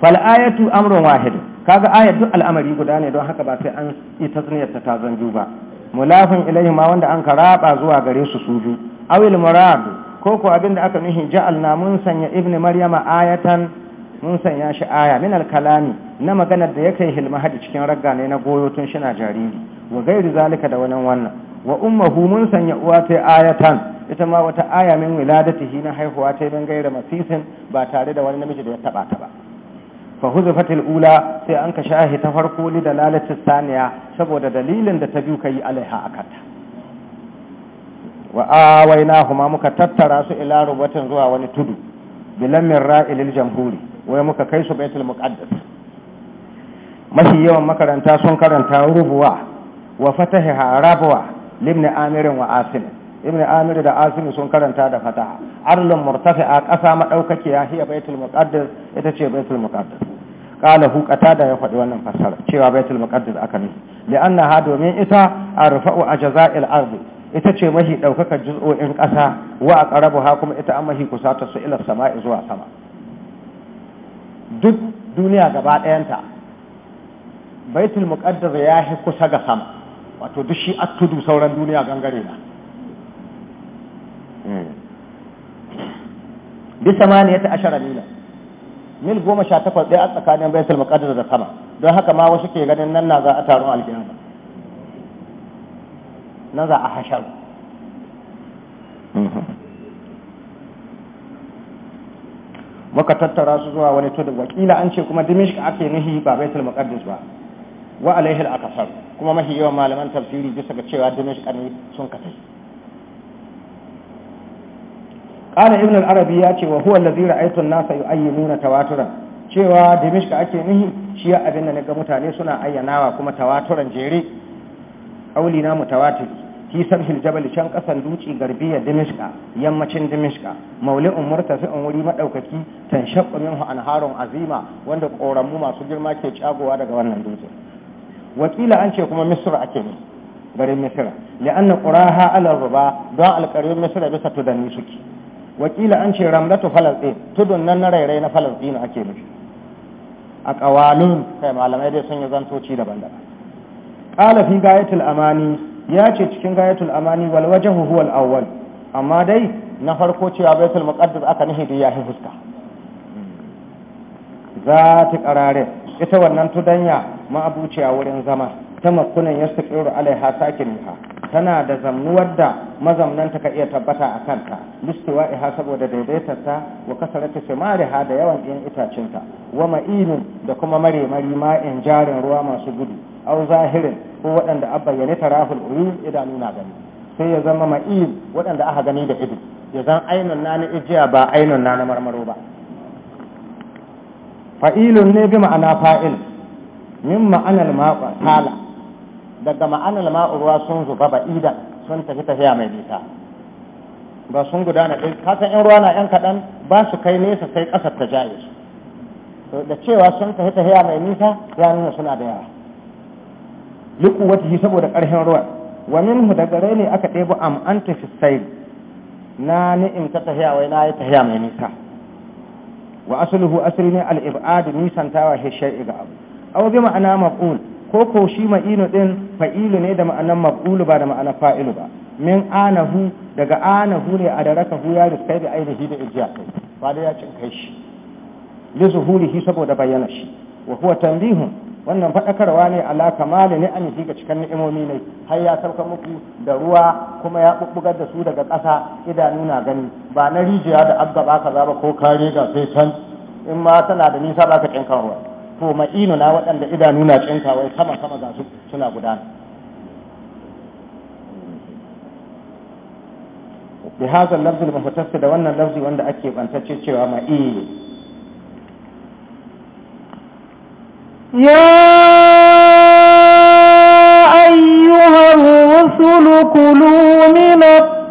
fal ayatu amrun wahid kaga ayat duk al'amari guda ne don haka ba sai an yi tasniyar ta zanju ba mulafin ilayhi ma wanda an karaba zuwa gare su suju awil murad ko ko abin da aka nuhi ja'alna mun sanya ibnu maryama ayatan mun sanya shi aya min al-kalami na maganar da yake hilma hadi cikin ragga ne na goyo tun shi na jariri wa gairi zalika da wannan wannan wa ummuhu mun sanya uwa ta ayatan ita ma wata aya min wiladatihi na haihuwa ta ban gaira masisin ba tare da wani namiji da ya taba ta ba fa huzifatil ula sai an ka shahi ta farko li dalalati saniya saboda dalilin da ta biyu kai alaiha akata wa huma muka tattara su ila rubatin zuwa wani tudu bilammin ra'ilil jamhuri wai muka kai su baitul muqaddas mafi yawan makaranta sun karanta rubuwa wa fatahiha rabuwa limni amirin wa asim ibn amir da asim sun karanta da fataha arlun a ƙasa madaukakiya hiya baitul muqaddas ita ce baitul muqaddas qala hu da ya faɗi wannan fassara cewa baitul muqaddas aka nufi li'annaha domin ita arfa'u jazail ardi ita ce mahi daukakar juz'o'in ƙasa wa aqrabuha kuma ita an mahi kusata su ila sama'i zuwa sama duk duniya gaba ɗayanta baitul muqaddas ya hi kusa ga sama wato duk shi attudu sauran duniya gangare na bisa hmm. ma ne ya ta ashara mila mil goma sha takwas ɗaya a tsakanin baitul maqdis da sama don haka ma wasu ke ganin nan na za a taron alkiyama nan za a hashar hmm. muka tattara su zuwa wani tudu wakila an ce kuma dimishka ake nihi ba baitul maqdis ba wa alaihi al-akasar kuma mahi yawan malaman tafsiri bisa ga cewa dimishka ne sun katai. qala ibn al-arabi ya ce wa huwa allazi ra'aytu an-nasa yu'ayyinuna tawaturan cewa dimishka ake nihi shi ya abin da naga mutane suna ayyanawa kuma tawaturan jere auli na mutawatir fi sabhil jabal can kasan duci garbiya dimishka yammacin dimishka mauli'un murtafi'un wuri madaukaki tanshaqqu minhu anharun azima wanda koranmu masu girma ke cagowa daga wannan dutse wakila an ce kuma misr ake ne garin misr li'anna quraha ala ruba don alqarin misr bisa tudani suke wakila an ce ramlatu falastin tudun nan na rairai na falastin ake nufi a ƙawalun kai malamai dai sun yi zantoci daban-daban ƙala fi gayatul amani ya ce cikin gayatul amani wal wajhu huwa al awwal amma dai na farko cewa baitul muqaddas aka nahi da ya fuska za ta karare ita wannan tudanya ma abuciya wurin zama ta makunan ya suƙiru alaiha sakinuha tana da zamnuwar da mazamnanta ka iya tabbata a kanta listiwa iha saboda ta wa kasarata shimariha da yawan ɗin ta wa ma'inin da kuma mare mari in jarin ruwa masu gudu au zahirin ko waɗanda ya nita rahul uri idanu nuna gani sai ya zama ma'in waɗanda aka gani da ido ya zan ainun na ijiya ba ainun na na marmaro ba fa'ilun ne bi ma'ana fa'il min ma'anar maƙwa tala daga ma'anar ma'ur ruwa sun zuba ba idan sun tafi tafiya mai nisa ba sun gudana ɗai kasan yan ruwa na yan kaɗan ba su kai nesa sai ƙasar ta jaye su da cewa sun tafi tafiya mai nisa ya nuna suna da yawa liku wata shi saboda ƙarshen ruwan wani mu daga rai ne aka ɗebo am an tafi sai na ni'im ta tafiya wai na yi tafiya mai nisa wa asluhu asiri ne al-ib'ad tawa shi shay'i ga abu aw bi ma'ana maf'ul ko ko shi ma'inu din fa'ilu ne da ma'anan maf'ulu ba da ma'anan fa'ilu ba min anahu daga anahu ne a daraka hu ya riskai da ainihi da ijiya kai ba da ya cin kai shi li zuhurihi saboda bayyana shi wa huwa tanbihun wannan faɗakarwa ne ala kamali ne aminci ga cikin ni'imomi ne har ya sauka muku da ruwa kuma ya bubbugar da su daga ƙasa idanu na gani ba na rijiya da abba ba ka ba ko kare ga sai san in ma tana da nisa ba ka ruwa ko ma'inu na waɗanda idanu na wai sama sama ga su suna gudana bi hazan ba mafatasta da wannan lafzi wanda ake bantacce cewa ma'inu ya ayyuhar rusulu kulu min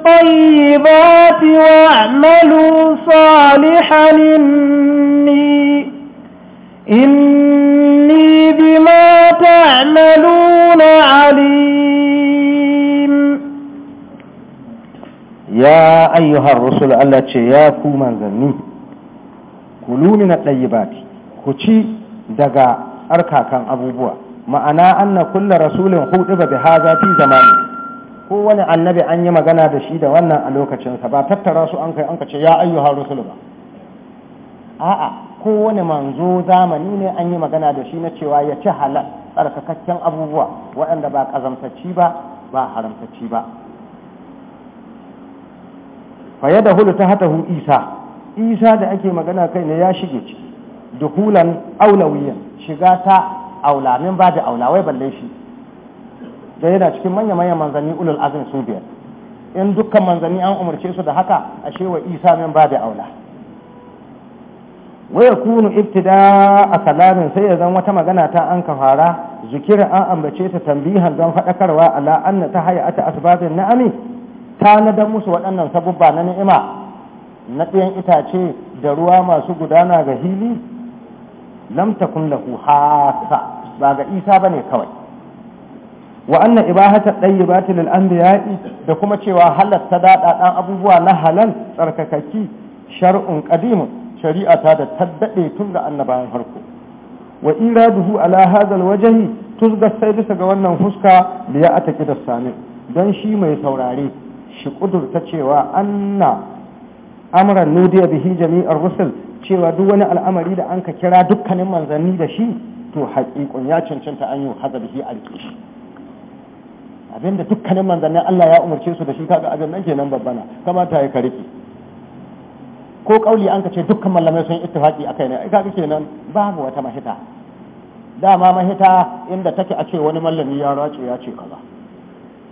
الطيبات واعملوا صالحا إني إني بما تعملون عليم يا أيها الرسل التي ياكو من ذني كلوا من الطيبات كتي دقاء أركا كان أبو بوا ma'ana anna kulla rasulin hudiba bi haza fi zamani ko wani annabi an yi magana da shi da wannan a lokacin sa ba tattara su an kai an ka ce ya ayyuha rusul ba a'a kowane manzo zamani ne an yi magana da shi na cewa ya ci halal tsarkakakken abubuwa waɗanda ba ƙazamtacci ba ba haramtacci ba faye da hulu ta hatahu isa isa da ake magana kai ne ya shige ci dukulan aulawiyan shiga ta aulamin ba da aulawai balle shi da yana cikin manya-manyan manzanni ulul azin su biyar in dukkan manzanni an umarce su da haka ashe wa isa min ba da aula waya kunu ibtida a kalamin sai ya zan wata magana ta an ka fara zikirin an ambace ta tambihan don faɗakarwa ala anna ta haya ta asbabin na'ami ta nadar musu waɗannan sabubba na ni'ima na ɗayan itace da ruwa masu gudana ga hili lam takun lahu hasa ba ga isa bane kawai wa anna ibahata tayyibati lil anbiya'i da kuma cewa halatta dada dan abubuwa na halal tsarkakaki shar'un qadimun shari'a ta da taddade tun da annabawan farko wa iraduhu ala hadha alwajhi tuzga sai bisa ga wannan fuska da ya ataki da sami dan shi mai saurare shi kudurta cewa anna amran nudiya bihi jami'ar rusul cewa duk wani al'amari da an ka kira dukkanin manzanni da shi to haƙiƙun ya cancanta an yi haza bihi alƙi abinda dukkanin manzannin Allah ya umarci su da shi kaga abin nan kenan babbana kamata ya kariki ko kauli an ka ce dukkan malamai sun ittifaki kai ne kaga kenan babu wata mahita dama mahita inda take a ce wani mallami ya race ya ce kaza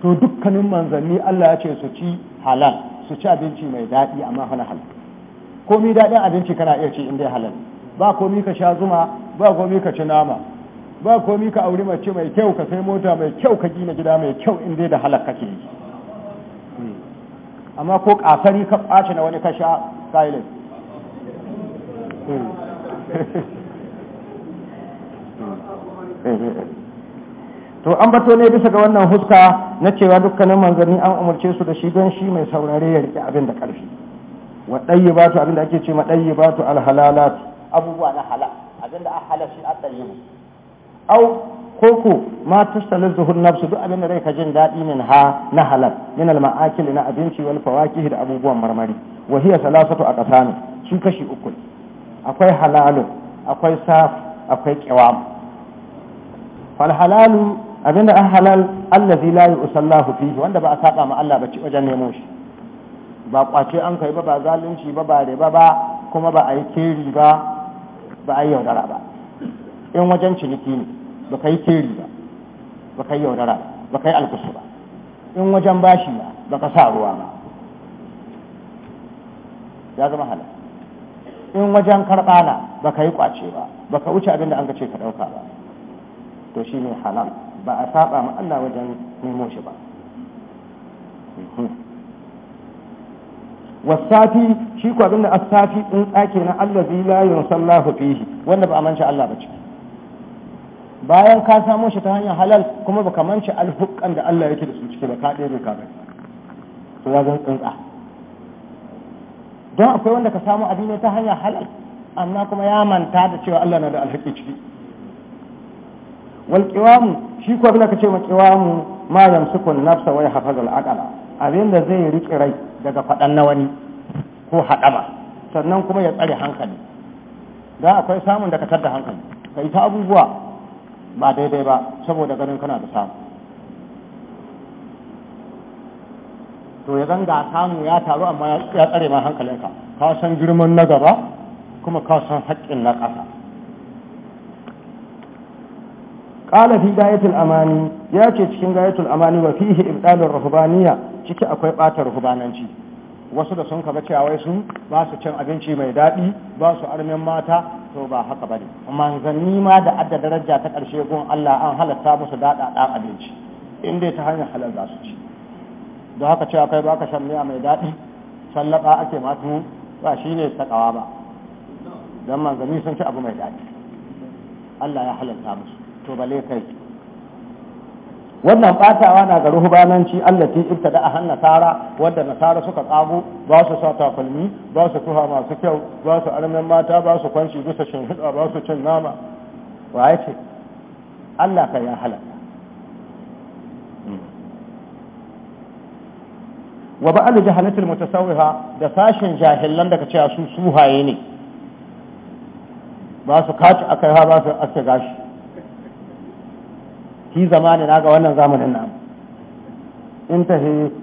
to dukkanin manzanni Allah ya ce su ci halal su ci abinci mai daɗi amma hana halal komi daɗin abinci kana iya ci in dai halal ba komi ka sha zuma ba komi ka ci nama ba komi ka auri mace mai kyau ka sai mota mai kyau ka gina gida mai kyau in dai da halal kake yi hmm. amma ko kasari ka ɓaci na wani ka sha silent. to an bato ne bisa ga wannan huska na cewa dukkanin manzanni an umarce su da shi don shi mai saurare ya rike abin da ƙarfi wa ɗayi ba tu abin da ake ce ma ɗayi ba tu alhalalat abubuwa na hala abin da an hala shi a ɗayi au koko ma tasalin zuhun nafsu duk abin da rai ka jin daɗi min ha na halal min al ma'akil na abinci wal fawakih da abubuwan marmari wa hiya salasatu aqsam su kashi uku akwai halalu, akwai saf akwai qiwam fal halalu abinda an halal allazi la yusallahu fihi wanda ba a saba ma Allah ba ci wajen nemo shi ba kwace an kai ba ba zalunci ba ba riba ba kuma ba a yi keri ba ba a yi yaudara ba in wajen ciniki ne ba ka yi keri ba ba ka yi yaudara ba ka yi alkusu ba in wajen bashi ba ba ka sa ruwa ba ya zama hala in wajen karɓana ba ka yi kwace ba ba ka wuce abin da an ka ce ka ɗauka ba to shi ne halal ba a saba ma Allah wajen nemo shi ba wasafi shi ko abin da asafi in tsake na allazi la yunsallahu fihi wanda ba a manci Allah ba ciki bayan ka samo shi ta hanyar halal kuma ba kamar manci alhukkan da Allah yake da su ciki ba ka ɗaya ka su to ya zan tsuntsa don akwai wanda ka samu abin ne ta hanyar halal amma kuma ya manta da cewa Allah na da alhaki ciki wal qiwamu shi ko abin ka ce ma qiwamu ma kun nafsa wa yahfazul aqala abin da zai riƙe rai daga faɗan na wani ko haɗama sannan kuma ya tsare hankali da akwai samun da ka tadda hankali kai ta abubuwa ba daidai ba saboda ganin kana da samu to ya zanga samu ya taru amma ya tsare ma hankalinka ka san girman na gaba kuma ka san haƙƙin na ƙasa ƙala fi gayatul amani ya ce cikin gayatul amani wa fihi ibdalur ruhbaniya ciki akwai ɓata ruhbananci wasu da sun kaba cewa wai sun ba su cin abinci mai daɗi ba su armen mata to ba haka bane manzanni ma da adda daraja ta karshe gun Allah an halatta musu dada da abinci in dai ta hanyar halal za su ci don haka cewa kai ba ka shan miya mai daɗi sallaba ake matu ba shi ne sakawa ba dan manzanni sun ci abu mai daɗi Allah ya halatta musu to ba kai wannan batawa na ga ruhubananci yi da a hanna tara wadda nasara suka tsago ba su sa takalmi ba su tuha masu kyau ba su armen mata ba su kwanci bisa shinhiɗa ba su cin nama ya ce allah ka ya halaka wa ba'al jahalatul mutasawwiha da sashin jahilan daga cewa su suhaye ne ba su kaci akai ha ba su aske gashi shi zamanin ga wannan zamanin nan in ta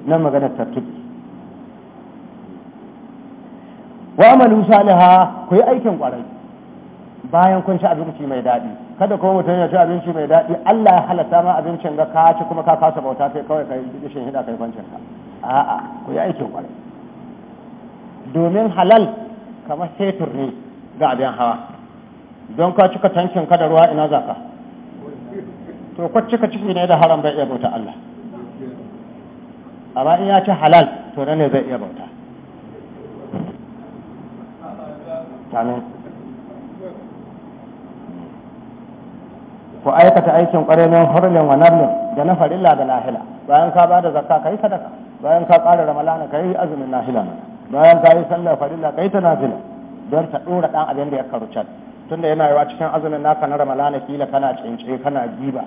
na maganar tattubi wa amalu saliha ku yi aikin kwarai bayan kun ci abinci mai daɗi kada kuma mutum ya ci abinci mai daɗi Allah ya halatta ma abincin ga ka ci kuma ka kasa bauta sai kawai kai dishin hida kai kwancin ka a'a ku yi aikin kwarai domin halal kamar setur ne ga abin hawa don ka cika tankin ka da ruwa ina zaka to kwacce ka ciki ne da haram bai iya bauta Allah amma in ya ci halal to ne zai iya bauta ko ku aikata aikin ƙwararren hurlin wa narlin da na farilla da nahila bayan ka ba da zakka ka yi sadaka bayan ka ƙara ramalana ka yi azumin nahila bayan ka yi sallar farilla ka yi ta nafila don ta ɗora ɗan abin da ya karu can tunda yana yawa cikin azumin naka na ramalana kila kana cince kana giba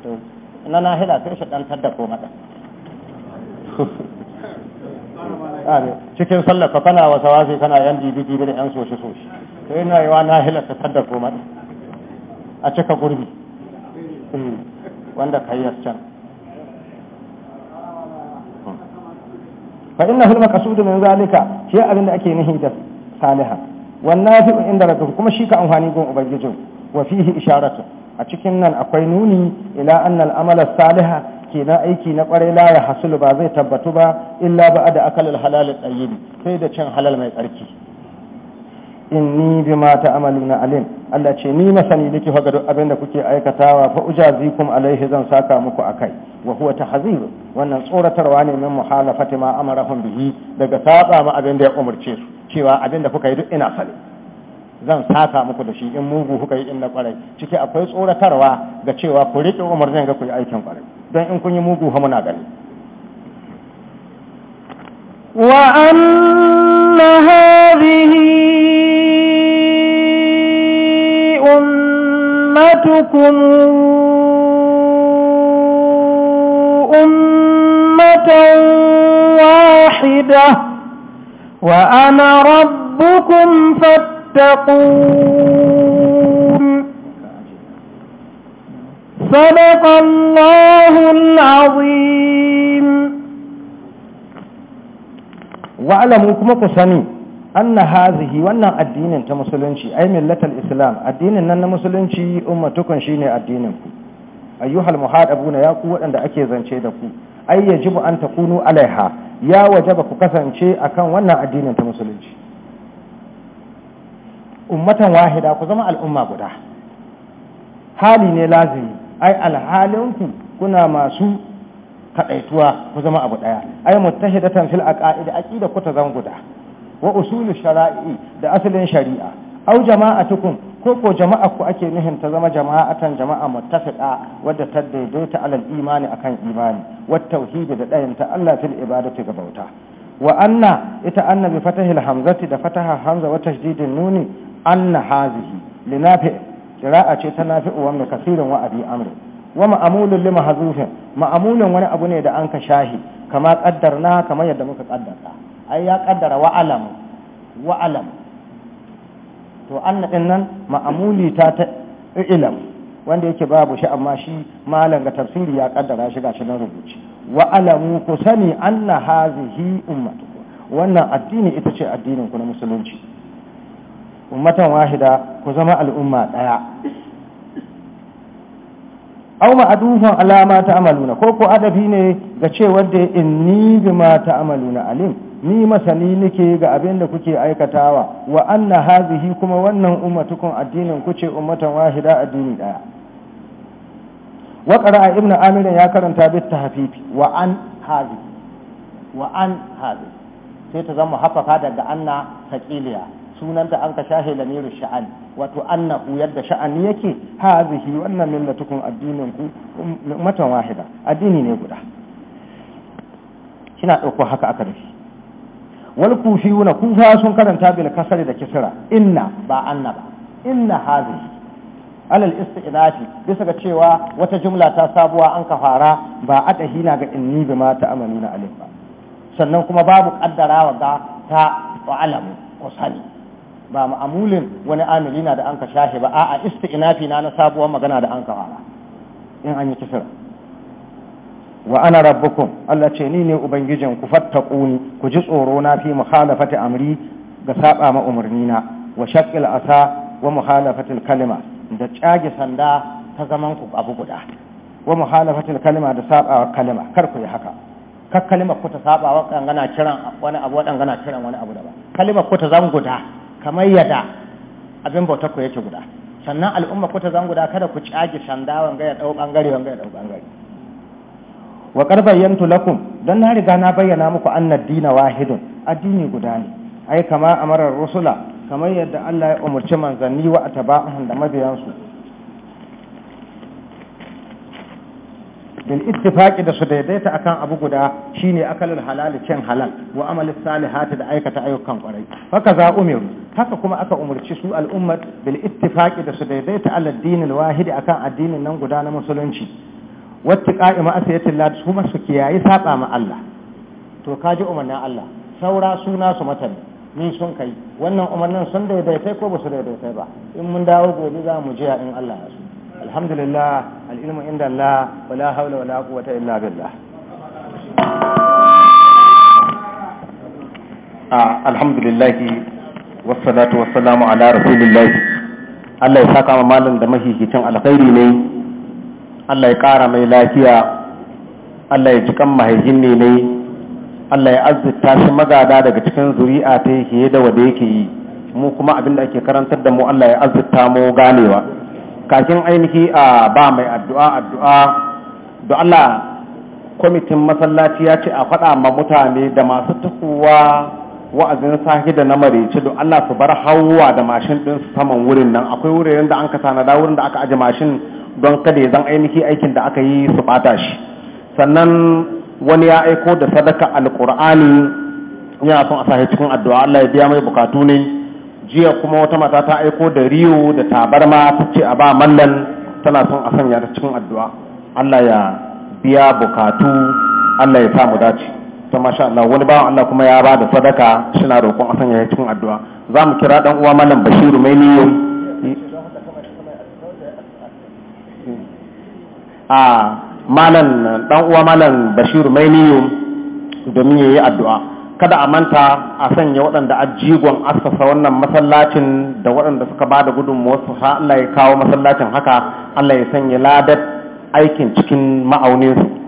to na hila sai shi dan tadda ko mada [LAUGHS] cikin sallar ka kana wasa wasi kana yan bibi bibi da yan soshi soshi to yana yawa hila ta tadda ko mada a cika gurbi hmm. wanda ka yi can hmm. fa inna hulma kasudu min zalika shi abin da ake nihi da salihan wannan fi inda raka kuma shi ka amfani gun ubangijin wa fihi isharatu a cikin nan akwai nuni ila annal amala salihah kenan aiki na kware la ya hasulu ba zai tabbatu ba illa ba da akalil halal tayyib sai da cin halal mai tsarki inni bima ta'maluna alim Allah ce ni masani nake ga duk abin da kuke aikatawa fa ujazikum alaihi zan saka muku akai wa huwa tahzir wannan tsoratarwa ne min muhalafati ma amarahum bihi daga saba ma abin da ya umurce su cewa abin da kuka yi duk ina sani zan saka muku da shi in mugu kuka yi in kwarai ciki akwai tsoratarwa ga cewa ku riƙe umarnin ga ku yi aikin kwarai don in kun yi mugu ha muna gani wa anna hadhihi ummatukum ummatan wahidah وأنا ربكم فاتقون صدق الله العظيم واعلموا كما كسني أن هذه وأن الدين أنت مسلنشي أي ملة الإسلام الدين أن مسلنشي أمتكم شيني الدين أيها المحاربون يا قوة أنت ake zance da ai yajibu an takunu alaiha ya wajaba ku kasance akan wannan addinin ta musulunci ummatan wahida ku zama al'umma guda hali ne lazimi ai alhalinku kuna masu kadaituwa ku zama abu daya ai mutahidatan fil aqaid aqida ku ta zama guda wa usulul shara'i da asalin shari'a au jama'atukum ko ko jama'a ku ake nuhin ta zama jama'atan jama'a muttafiqa wadda ta daidaita alal imani akan imani wa tauhidi da dayan ta Allah fil ibadati ga bauta wa anna ita anna bi fatahil hamzati da fataha hamza wa tajdidin nuni anna hazihi linafi qira'a ce ta nafi wa min kasirin wa abi amri wa ma'amulun lima hazufin ma'amulun wani abu ne da an ka shahi kama kaddarna kama yadda muka kaddarta ai ya kaddara wa alam to anna nan ma'amuli ta ta ilam wanda yake babu shi amma shi malam ga tafsiri ya kaddara shi gashi na rubuci wa alamu ku sani anna hazihi ummatu wannan addini ita ce addinin ku na musulunci ummatan wahida ku zama al'umma daya aw ma'aduhun alama ta amaluna ko ko adabi ne ga cewa da inni bima ta amaluna alim ni masani nike ga abin da kuke aikatawa wa anna hazihi kuma wannan ummatukun addinin ku ce ummatan wahida addini daya wa qara'a ibnu amir ya karanta bi tahfifi wa an hazihi wa an hazihi sai ta zama hafafa daga anna saqiliya sunanta an ka shahe lamiru sha'an wato Anna annahu yadda sha'ani yake hazihi wannan millatukum addinin ku ummatan wahida addini ne guda kina dauko haka aka dashi wal kufiyuna kufa sun karanta bil kasri da kisra inna ba anna ba inna hadhihi alal isti'nafi bisa ga cewa wata jumla ta sabuwa an ka fara ba adahina ga inni bi ma na alif ba sannan kuma babu wa ga ta wa alamu ko sani ba ma'amulin wani amilina da an ka shahi ba a'a isti'nafi na na sabuwar magana da an ka fara in an yi kisra wa ana rabbukum Allah ce ni ne ubangijin ku fattaquni ku ji tsoro na fi mukhalafati amri ga saba ma umarnina wa shaqqil asa wa mukhalafati kalima da tsage sanda ta zaman ku abu guda wa mukhalafati kalima da saba kalima kar ku yi haka kar kalimar ku ta saba wa dangana kiran wani abu dangana kiran wani abu daban kalimar ku ta zan guda kamar yada abin bauta ku yake guda sannan al'umma ku ta zan guda kada ku tsage sanda wanga ya dau bangare wanga ya dau bangare wa qad lakum dan na riga na bayyana muku annad dina wahidun addini guda ne ai kama amarar rusula kamar yadda Allah ya umarci manzanni wa da mabiyansu bil ittifaqi da su daidaita akan abu guda shine akalul halal cin halal wa amalus salihati da aikata ayyukan kwarai haka za umiru haka kuma aka umarci su ummat bil ittifaqi da su daidaita alal dinil wahidi akan addinin nan guda na musulunci wacce ƙa'ima yace lati su masu kiyaye saɓa ma Allah to ka ji umarnin Allah saura suna su mata ni sun kai wannan umarnin sun daidaitai ko ba su daidaitai ba in mun dawo gobe za mu jiya in Allah ya so alhamdulillah al'ilmu inda Allah wala haula wala quwwata illa billah alhamdulillah wassalatu wassalamu ala rasulillah Allah ya saka ma malam da mahihicin alkhairi ne Allah ya ƙara mai lafiya Allah ya ji mahaifin ne ne Allah ya azzita shi magada daga cikin zuri'a ta yake da wanda yake yi mu kuma abin da ake karantar da mu Allah ya azzita mu ganewa kakin ainihi a ba mai addu'a addu'a da Allah kwamitin masallaci ya ce a faɗa ma mutane da masu tukuwa wa'azin sahi da na marece don Allah su bar hawa da mashin ɗin saman wurin nan akwai wuraren da an ka tanada wurin da aka ajiye mashin don kada ya zan ainihi aikin da aka yi su bata shi sannan wani ya aiko da sadaka alkur'ani yana son a sahi cikin addu'a Allah ya biya mai bukatu ne jiya kuma wata mata ta aiko da riyo da tabarma ta ce a ba mallan tana son a sanya ta cikin addu'a Allah ya biya bukatu Allah ya sa mu dace to masha Allah wani bawan Allah kuma ya ba da sadaka na roƙon a sanya cikin addu'a za mu kira dan uwa mallam Bashiru Mainiyo a malam dan uwa malam Bashir Mainiyu domin yayi addu'a kada a manta a sanya waɗanda ajigon asasa wannan masallacin da waɗanda suka ba da gudunmuwarsu ha Allah ya kawo masallacin haka Allah ya sanya ladar aikin cikin ma'auninsu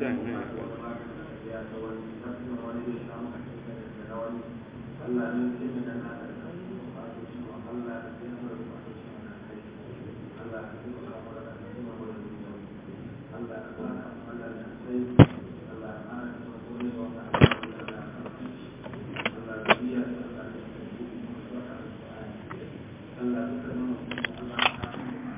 对对。